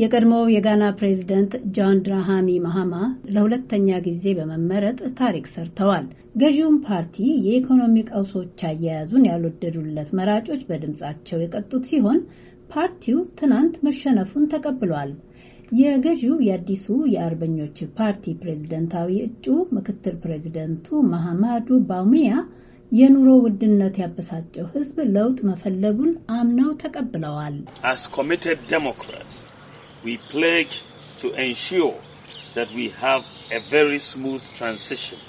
የቀድሞው የጋና ፕሬዝደንት ጆን ድራሃሚ ማሃማ ለሁለተኛ ጊዜ በመመረጥ ታሪክ ሰርተዋል። ገዢውን ፓርቲ የኢኮኖሚ ቀውሶች አያያዙን ያልወደዱለት መራጮች በድምፃቸው የቀጡት ሲሆን ፓርቲው ትናንት መሸነፉን ተቀብሏል። የገዢው የአዲሱ የአርበኞች ፓርቲ ፕሬዝደንታዊ እጩ ምክትል ፕሬዝደንቱ ማሃማዱ ባውሚያ የኑሮ ውድነት ያበሳጨው ሕዝብ ለውጥ መፈለጉን አምነው ተቀብለዋል። we pledge to ensure that we have a very smooth transition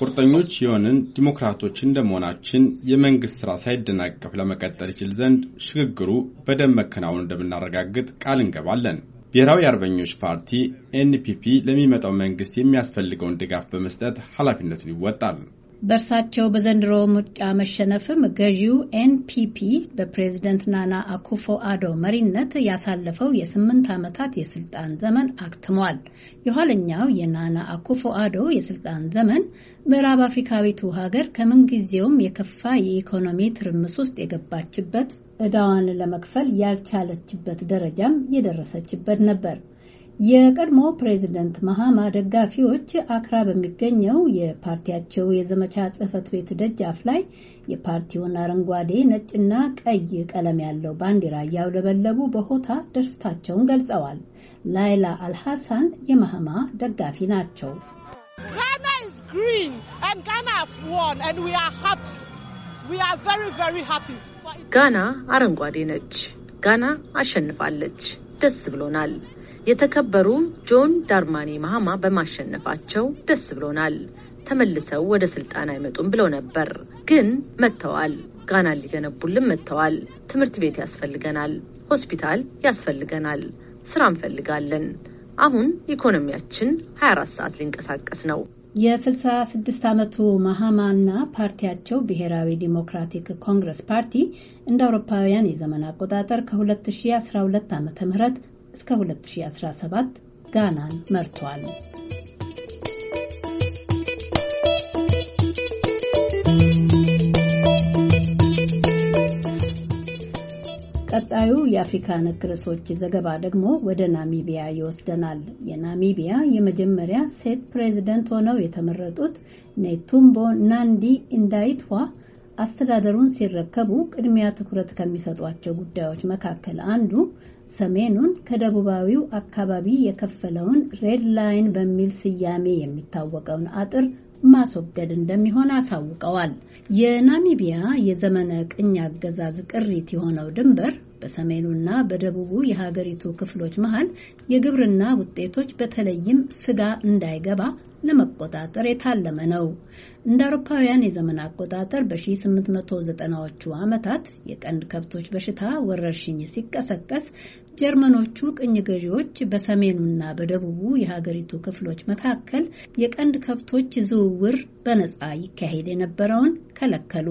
ቁርጠኞች የሆንን ዲሞክራቶች እንደመሆናችን የመንግስት ስራ ሳይደናቀፍ ለመቀጠል ይችል ዘንድ ሽግግሩ በደንብ መከናወን እንደምናረጋግጥ ቃል እንገባለን። ብሔራዊ አርበኞች ፓርቲ ኤንፒፒ ለሚመጣው መንግስት የሚያስፈልገውን ድጋፍ በመስጠት ኃላፊነቱን ይወጣል። በእርሳቸው በዘንድሮ ምርጫ መሸነፍም ገዢው ኤንፒፒ በፕሬዝደንት ናና አኩፎ አዶ መሪነት ያሳለፈው የስምንት ዓመታት የስልጣን ዘመን አክትሟል። የኋለኛው የናና አኩፎ አዶ የስልጣን ዘመን ምዕራብ አፍሪካዊቱ ሀገር ከምንጊዜውም የከፋ የኢኮኖሚ ትርምስ ውስጥ የገባችበት እዳዋን ለመክፈል ያልቻለችበት ደረጃም የደረሰችበት ነበር። የቀድሞ ፕሬዚደንት መሃማ ደጋፊዎች አክራ በሚገኘው የፓርቲያቸው የዘመቻ ጽህፈት ቤት ደጃፍ ላይ የፓርቲውን አረንጓዴ፣ ነጭና ቀይ ቀለም ያለው ባንዲራ እያውለበለቡ በሆታ ደስታቸውን ገልጸዋል። ላይላ አልሐሳን የመሃማ ደጋፊ ናቸው። ጋና አረንጓዴ ነች። ጋና አሸንፋለች። ደስ ብሎናል። የተከበሩ ጆን ዳርማኔ ማሃማ በማሸነፋቸው ደስ ብሎናል። ተመልሰው ወደ ስልጣን አይመጡም ብለው ነበር፣ ግን መጥተዋል። ጋና ሊገነቡልን መጥተዋል። ትምህርት ቤት ያስፈልገናል፣ ሆስፒታል ያስፈልገናል፣ ስራ እንፈልጋለን። አሁን ኢኮኖሚያችን 24 ሰዓት ሊንቀሳቀስ ነው። የ66 ዓመቱ ማሃማ እና ፓርቲያቸው ብሔራዊ ዲሞክራቲክ ኮንግረስ ፓርቲ እንደ አውሮፓውያን የዘመን አቆጣጠር ከ2012 ም እስከ 2017 ጋናን መርቷል። ቀጣዩ የአፍሪካ ነክ ርዕሶች ዘገባ ደግሞ ወደ ናሚቢያ ይወስደናል። የናሚቢያ የመጀመሪያ ሴት ፕሬዚደንት ሆነው የተመረጡት ኔቱምቦ ናንዲ እንዳይትዋ አስተዳደሩን ሲረከቡ ቅድሚያ ትኩረት ከሚሰጧቸው ጉዳዮች መካከል አንዱ ሰሜኑን ከደቡባዊው አካባቢ የከፈለውን ሬድ ላይን በሚል ስያሜ የሚታወቀውን አጥር ማስወገድ እንደሚሆን አሳውቀዋል። የናሚቢያ የዘመነ ቅኝ አገዛዝ ቅሪት የሆነው ድንበር በሰሜኑና በደቡቡ የሀገሪቱ ክፍሎች መሀል የግብርና ውጤቶች በተለይም ስጋ እንዳይገባ ለመቆጣጠር የታለመ ነው። እንደ አውሮፓውያን የዘመን አቆጣጠር በ1890ዎቹ ዓመታት የቀንድ ከብቶች በሽታ ወረርሽኝ ሲቀሰቀስ ጀርመኖቹ ቅኝ ገዢዎች በሰሜኑና በደቡቡ የሀገሪቱ ክፍሎች መካከል የቀንድ ከብቶች ዝውውር በነፃ ይካሄድ የነበረውን ከለከሉ።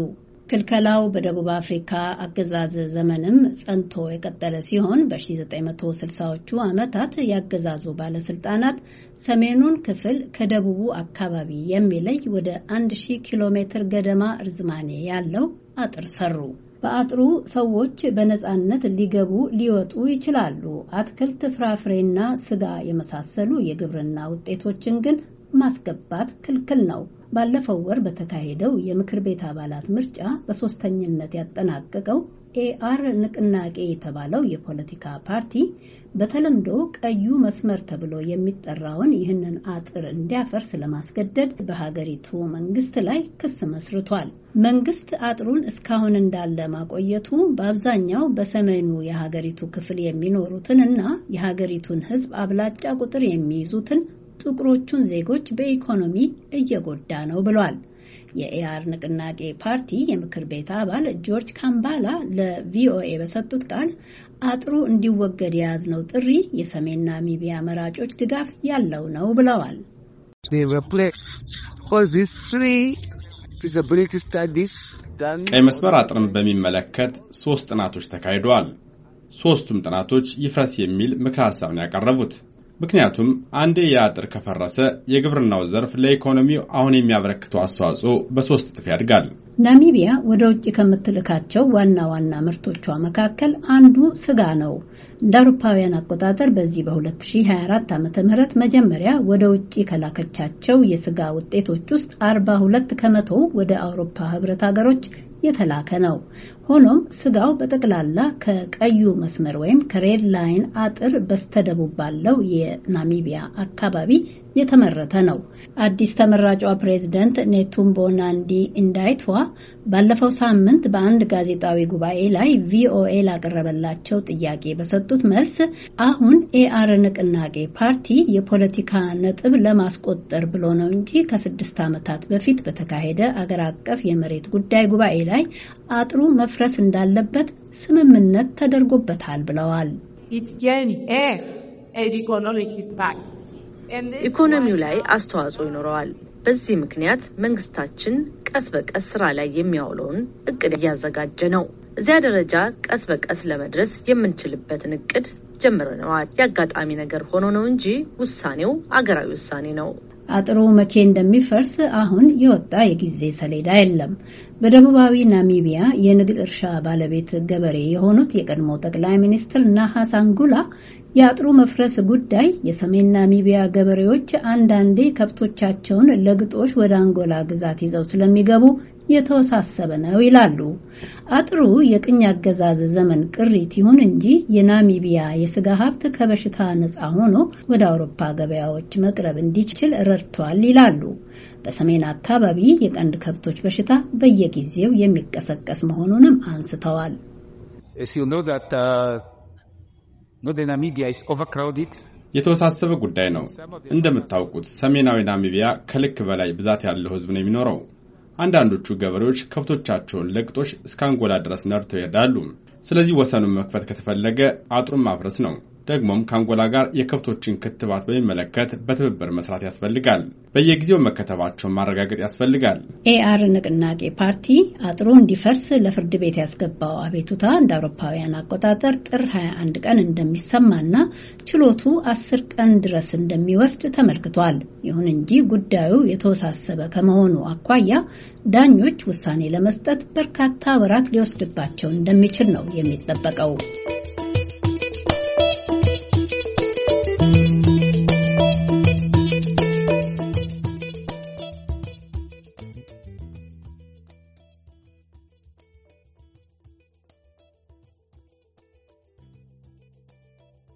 ክልከላው በደቡብ አፍሪካ አገዛዝ ዘመንም ጸንቶ የቀጠለ ሲሆን በ1960ዎቹ ዓመታት ያገዛዙ ባለስልጣናት ሰሜኑን ክፍል ከደቡቡ አካባቢ የሚለይ ወደ 1000 ኪሎ ሜትር ገደማ ርዝማኔ ያለው አጥር ሰሩ። በአጥሩ ሰዎች በነፃነት ሊገቡ ሊወጡ ይችላሉ። አትክልት፣ ፍራፍሬና ስጋ የመሳሰሉ የግብርና ውጤቶችን ግን ማስገባት ክልክል ነው። ባለፈው ወር በተካሄደው የምክር ቤት አባላት ምርጫ በሶስተኝነት ያጠናቀቀው ኤአር ንቅናቄ የተባለው የፖለቲካ ፓርቲ በተለምዶ ቀዩ መስመር ተብሎ የሚጠራውን ይህንን አጥር እንዲያፈርስ ለማስገደድ በሀገሪቱ መንግስት ላይ ክስ መስርቷል። መንግስት አጥሩን እስካሁን እንዳለ ማቆየቱ በአብዛኛው በሰሜኑ የሀገሪቱ ክፍል የሚኖሩትን እና የሀገሪቱን ሕዝብ አብላጫ ቁጥር የሚይዙትን ጥቁሮቹን ዜጎች በኢኮኖሚ እየጎዳ ነው ብሏል። የኤአር ንቅናቄ ፓርቲ የምክር ቤት አባል ጆርጅ ካምባላ ለቪኦኤ በሰጡት ቃል አጥሩ እንዲወገድ የያዝነው ጥሪ የሰሜን ናሚቢያ መራጮች ድጋፍ ያለው ነው ብለዋል። ቀይ መስመር አጥርን በሚመለከት ሶስት ጥናቶች ተካሂደዋል። ሶስቱም ጥናቶች ይፍረስ የሚል ምክር ሀሳብ ነው ያቀረቡት። ምክንያቱም አንዴ የአጥር ከፈረሰ የግብርናው ዘርፍ ለኢኮኖሚው አሁን የሚያበረክተው አስተዋጽኦ በሶስት እጥፍ ያድጋል። ናሚቢያ ወደ ውጭ ከምትልካቸው ዋና ዋና ምርቶቿ መካከል አንዱ ስጋ ነው። እንደ አውሮፓውያን አቆጣጠር በዚህ በ2024 ዓ ም መጀመሪያ ወደ ውጭ ከላከቻቸው የስጋ ውጤቶች ውስጥ 42 ከመቶ ወደ አውሮፓ ህብረት ሀገሮች የተላከ ነው። ሆኖም ስጋው በጠቅላላ ከቀዩ መስመር ወይም ከሬድ ላይን አጥር በስተደቡብ ባለው የናሚቢያ አካባቢ የተመረተ ነው። አዲስ ተመራጯ ፕሬዚደንት ኔቱምቦ ናንዲ እንዳይትዋ ባለፈው ሳምንት በአንድ ጋዜጣዊ ጉባኤ ላይ ቪኦኤ ላቀረበላቸው ጥያቄ በሰጡት መልስ አሁን ኤአር ንቅናቄ ፓርቲ የፖለቲካ ነጥብ ለማስቆጠር ብሎ ነው እንጂ ከስድስት ዓመታት በፊት በተካሄደ አገር አቀፍ የመሬት ጉዳይ ጉባኤ ላይ አጥሩ መፍረስ እንዳለበት ስምምነት ተደርጎበታል ብለዋል። ኢኮኖሚው ላይ አስተዋጽኦ ይኖረዋል። በዚህ ምክንያት መንግስታችን ቀስ በቀስ ስራ ላይ የሚያውለውን እቅድ እያዘጋጀ ነው። እዚያ ደረጃ ቀስ በቀስ ለመድረስ የምንችልበትን እቅድ ጀምረነዋል። የአጋጣሚ ነገር ሆኖ ነው እንጂ ውሳኔው አገራዊ ውሳኔ ነው። አጥሩ መቼ እንደሚፈርስ አሁን የወጣ የጊዜ ሰሌዳ የለም። በደቡባዊ ናሚቢያ የንግድ እርሻ ባለቤት ገበሬ የሆኑት የቀድሞ ጠቅላይ ሚኒስትር ናሃሳንጉላ የአጥሩ መፍረስ ጉዳይ የሰሜን ናሚቢያ ገበሬዎች አንዳንዴ ከብቶቻቸውን ለግጦሽ ወደ አንጎላ ግዛት ይዘው ስለሚገቡ የተወሳሰበ ነው ይላሉ። አጥሩ የቅኝ አገዛዝ ዘመን ቅሪት ይሁን እንጂ የናሚቢያ የስጋ ሀብት ከበሽታ ነፃ ሆኖ ወደ አውሮፓ ገበያዎች መቅረብ እንዲችል ረድቷል ይላሉ። በሰሜን አካባቢ የቀንድ ከብቶች በሽታ በየጊዜው የሚቀሰቀስ መሆኑንም አንስተዋል። የተወሳሰበ ጉዳይ ነው። እንደምታውቁት ሰሜናዊ ናሚቢያ ከልክ በላይ ብዛት ያለው ህዝብ ነው የሚኖረው። አንዳንዶቹ ገበሬዎች ከብቶቻቸውን ለግጦሽ እስከ አንጎላ ድረስ ነድተው ይሄዳሉ። ስለዚህ ወሰኑን መክፈት ከተፈለገ አጥሩን ማፍረስ ነው። ደግሞም ከአንጎላ ጋር የከብቶችን ክትባት በሚመለከት በትብብር መስራት ያስፈልጋል። በየጊዜው መከተባቸውን ማረጋገጥ ያስፈልጋል። ኤአር ንቅናቄ ፓርቲ አጥሩ እንዲፈርስ ለፍርድ ቤት ያስገባው አቤቱታ እንደ አውሮፓውያን አቆጣጠር ጥር 21 ቀን እንደሚሰማና ችሎቱ አስር ቀን ድረስ እንደሚወስድ ተመልክቷል። ይሁን እንጂ ጉዳዩ የተወሳሰበ ከመሆኑ አኳያ ዳኞች ውሳኔ ለመስጠት በርካታ ወራት ሊወስድባቸው እንደሚችል ነው የሚጠበቀው።